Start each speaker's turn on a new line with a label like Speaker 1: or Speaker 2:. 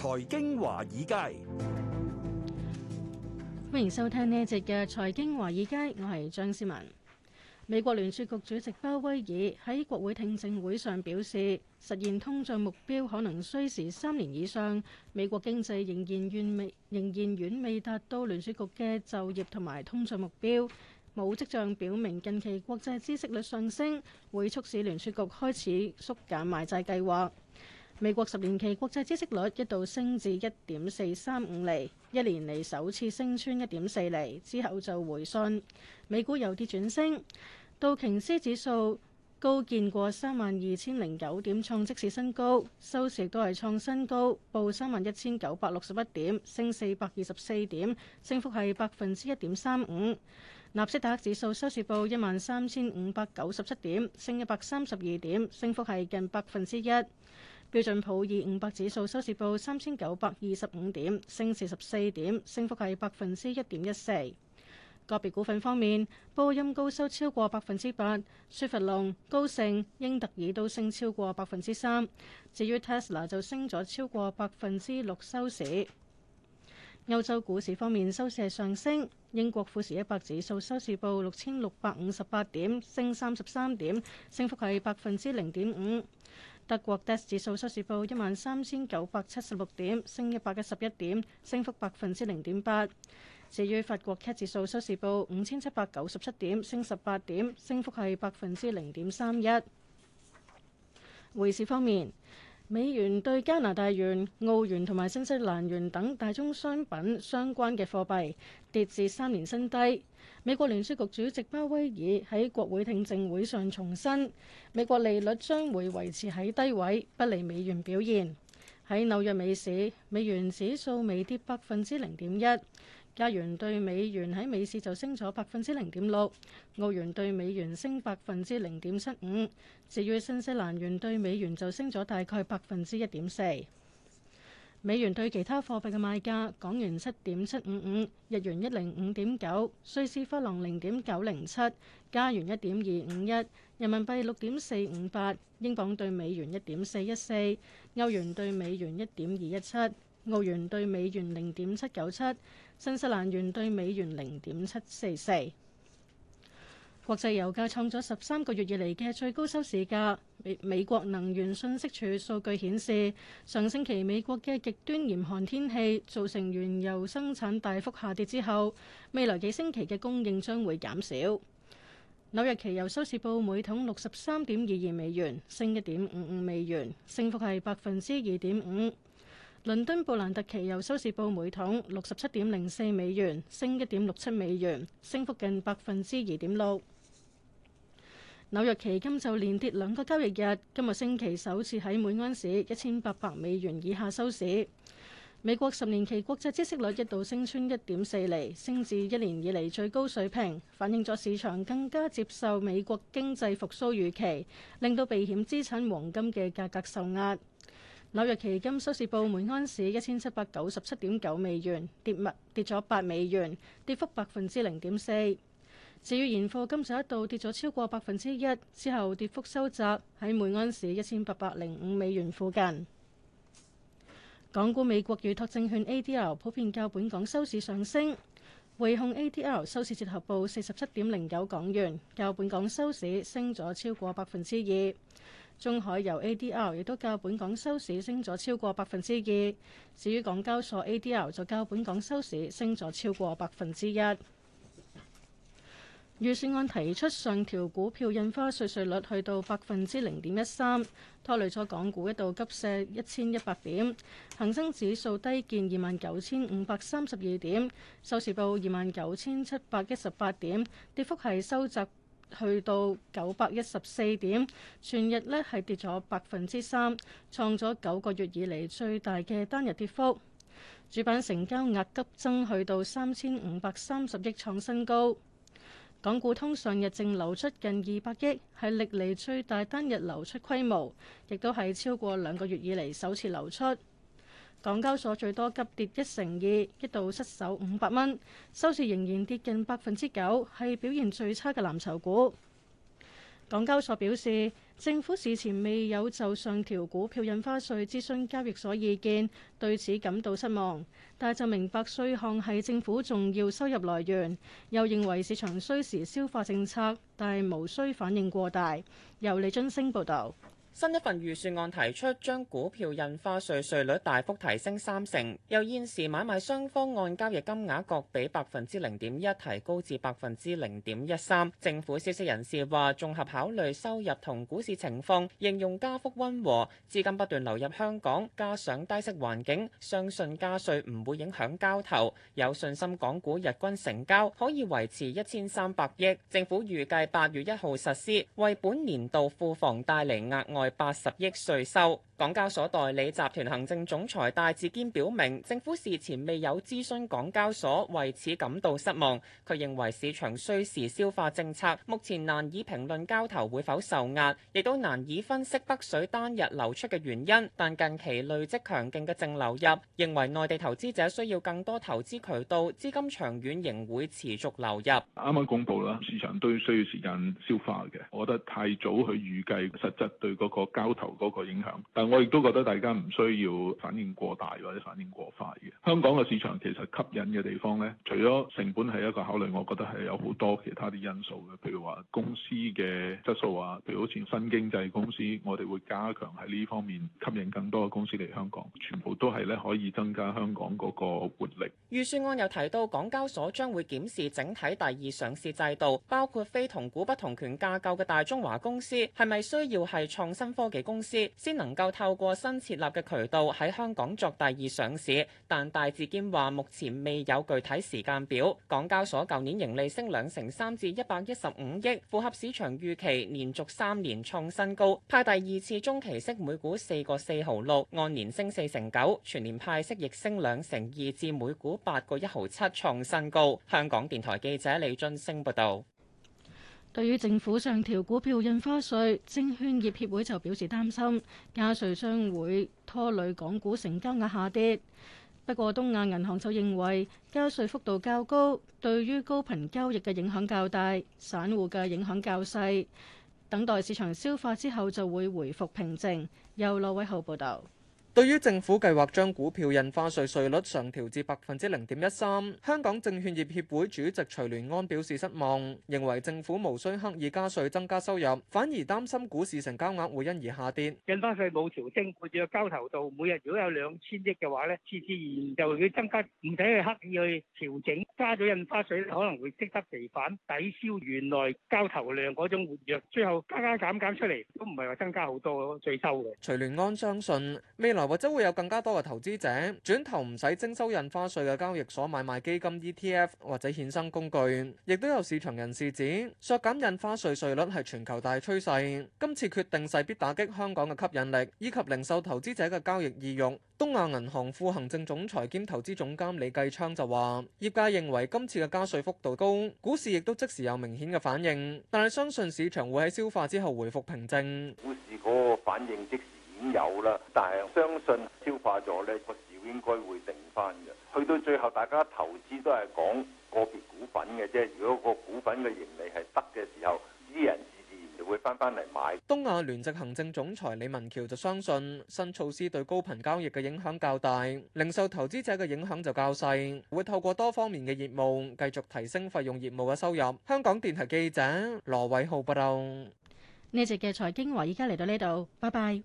Speaker 1: 財經華爾街，
Speaker 2: 歡迎收聽呢一節嘅財經華爾街，我係張思文。美國聯儲局主席鮑威爾喺國會聽證會上表示，實現通脹目標可能需時三年以上。美國經濟仍然遠未仍然遠未達到聯儲局嘅就業同埋通脹目標，冇跡象表明近期國際知識率上升會促使聯儲局開始縮減買債計劃。美國十年期國際債息率一度升至一點四三五厘，一年嚟首次升穿一點四厘。之後就回信。美股有啲轉升，道瓊斯指數高見過三萬二千零九點，創即市新高，收市都係創新高，報三萬一千九百六十一點，升四百二十四點，升幅係百分之一點三五。納斯達克指數收市報一萬三千五百九十七點，升一百三十二點，升幅係近百分之一。標準普爾五百指數收市報三千九百二十五點，升四十四點，升幅係百分之一點一四。個別股份方面，波音高收超過百分之八，雪佛龍、高盛、英特爾都升超過百分之三。至於 Tesla 就升咗超過百分之六收市。歐洲股市方面收市係上升，英國富時一百指數收市報六千六百五十八點，升三十三點，升幅係百分之零點五。德國 DAX 指數收市報一萬三千九百七十六點，升一百一十一點，升幅百分之零點八。至於法國 CAC 指數收市報五千七百九十七點，升十八點，升幅係百分之零點三一。匯市方面。美元對加拿大元、澳元同埋新西蘭元等大宗商品相關嘅貨幣跌至三年新低。美國聯儲局主席鮑威爾喺國會聽證會上重申，美國利率將會維持喺低位，不利美元表現，喺紐約美市，美元指數微跌百分之零點一。加元兌美元喺美市就升咗百分之零點六，澳元兌美元升百分之零點七五，至於新西蘭元兌美元就升咗大概百分之一點四。美元對其他貨幣嘅賣價：港元七點七五五，日元一零五點九，瑞士法郎零點九零七，加元一點二五一，人民幣六點四五八，英鎊對美元一點四一四，歐元對美元一點二一七。澳元兌美元零點七九七，新西蘭元兌美元零點七四四。國際油價創咗十三個月以嚟嘅最高收市價。美美國能源信息處數據顯示，上星期美國嘅極端嚴寒天氣造成原油生產大幅下跌之後，未來幾星期嘅供應將會減少。紐約期油收市報每桶六十三點二二美元，升一點五五美元，升幅係百分之二點五。倫敦布蘭特期油收市報每桶六十七點零四美元，升一點六七美元，升幅近百分之二點六。紐約期金就連跌兩個交易日，今個星期首次喺每盎司一千八百美元以下收市。美國十年期國債孳息率一度升穿一點四厘，升至一年以嚟最高水平，反映咗市場更加接受美國經濟復蘇預期，令到避險資產黃金嘅價格受壓。紐約期金收市報每安市，一千七百九十七點九美元，跌密跌咗八美元，跌幅百分之零點四。至於現貨金就一度跌咗超過百分之一，之後跌幅收窄，喺每安市一千八百零五美元附近。港股美國預託證券 A D L 普遍較本港收市上升，匯控 A D L 收市折合報四十七點零九港元，較本港收市升咗超過百分之二。中海油 ADR 亦都較本港收市升咗超過百分之二，至於港交所 ADR 就較本港收市升咗超過百分之一。預算案提出上調股票印花稅稅率去到百分之零點一三，拖累咗港股一度急瀉一千一百點，恒生指數低見二萬九千五百三十二點，收市報二萬九千七百一十八點，跌幅係收窄。去到九百一十四點，全日呢係跌咗百分之三，創咗九個月以嚟最大嘅單日跌幅。主板成交額急增去到三千五百三十億，創新高。港股通上日淨流出近二百億，係歷嚟最大單日流出規模，亦都係超過兩個月以嚟首次流出。港交所最多急跌一成二，一度失守五百蚊，收市仍然跌近百分之九，係表現最差嘅藍籌股。港交所表示，政府事前未有就上調股票印花稅諮詢交易所意見，對此感到失望，但就明白稅項係政府重要收入來源，又認為市場需時消化政策，但無需反應過大。由李津星報道。
Speaker 3: 新一份預算案提出將股票印花稅稅率大幅提升三成，由現時買賣雙方按交易金額各比百分之零點一提高至百分之零點一三。政府消息人士話，綜合考慮收入同股市情況，形容加幅溫和，資金不斷流入香港，加上低息環境，相信加稅唔會影響交投，有信心港股日均成交可以維持一千三百億。政府預計八月一號實施，為本年度庫房帶嚟額外。八十億稅收，港交所代理集團行政總裁戴志堅表明，政府事前未有諮詢港交所，為此感到失望。佢認為市場需時消化政策，目前難以評論交投會否受壓，亦都難以分析北水單日流出嘅原因。但近期累積強勁嘅淨流入，認為內地投資者需要更多投資渠道，資金長遠仍會持續流入。
Speaker 2: 啱啱公布啦，市場都需要時間消化嘅，我覺得太早去預計實質對嗰個。個交投嗰個影響，但係我亦都覺得大家唔需要反應過大或者反應過快嘅。香港嘅市場其實吸引嘅地方咧，除咗成本係一個考慮，我覺得係有好多其他啲因素嘅，譬如話公司嘅質素啊，譬如好似新經濟公司，我哋會加強喺呢方面吸引更多嘅公司嚟香港，全部都係咧，可以增加香港嗰個活力。
Speaker 3: 預算案又提到，港交所將會檢視整體第二上市制度，包括非同股不同權架構嘅大中華公司係咪需要係創。新科技公司先能夠透過新設立嘅渠道喺香港作第二上市，但戴志堅話目前未有具體時間表。港交所舊年盈利升兩成三至一百一十五億，符合市場預期，連續三年創新高。派第二次中期息每股四個四毫六，按年升四成九，全年派息亦升兩成二至每股八個一毫七，創新高。香港電台記者李津升報導。
Speaker 2: 對於政府上調股票印花稅，證券業協會就表示擔心，加稅將會拖累港股成交額下跌。不過，東亞銀行就認為加稅幅度較高，對於高頻交易嘅影響較大，散戶嘅影響較細。等待市場消化之後就會回復平靜。由羅偉浩報導。
Speaker 1: 對於政府計劃將股票印花稅稅率上調至百分之零點一三，香港證券業協會主席徐聯安表示失望，認為政府無需刻意加稅增加收入，反而擔心股市成交額會因而下跌。印花稅冇調升，活躍交投度每日如果有兩千億嘅話咧，自然而然就會增加，唔使去刻意去調整。加咗印花稅咧，可能會適得其反，抵消原來交投量嗰種活躍，最後加加減減出嚟都唔係話增加好多稅收嘅。徐聯安相信未來，或者會有更加多嘅投資者轉投唔使徵收印花稅嘅交易所買賣基金、ETF 或者衍生工具。亦都有市場人士指，削減印花稅稅率係全球大趨勢。今次決定勢必打擊香港嘅吸引力，以及零售投資者嘅交易意欲。東亞銀行副行政總裁兼投資總監李繼昌就話，業界認為今次嘅加稅幅度高，股市亦都即時有明顯嘅反應。但係相信市場會喺消化之後回復平靜。股市嗰個反應即有啦，但係相信消化咗呢個市應該會定翻嘅。去到最後，大家投資都係講個別股份嘅啫。如果個股份嘅盈利係得嘅時候，啲人自自然就會翻翻嚟買。東亞聯席行政總裁李文橋就相信新措施對高頻交易嘅影響較大，零售投資者嘅影響就較細。會透過多方面嘅業務繼續提升費用業務嘅收入。香港電台記者羅偉浩報道。
Speaker 2: 呢集嘅財經華，依家嚟到呢度，拜拜。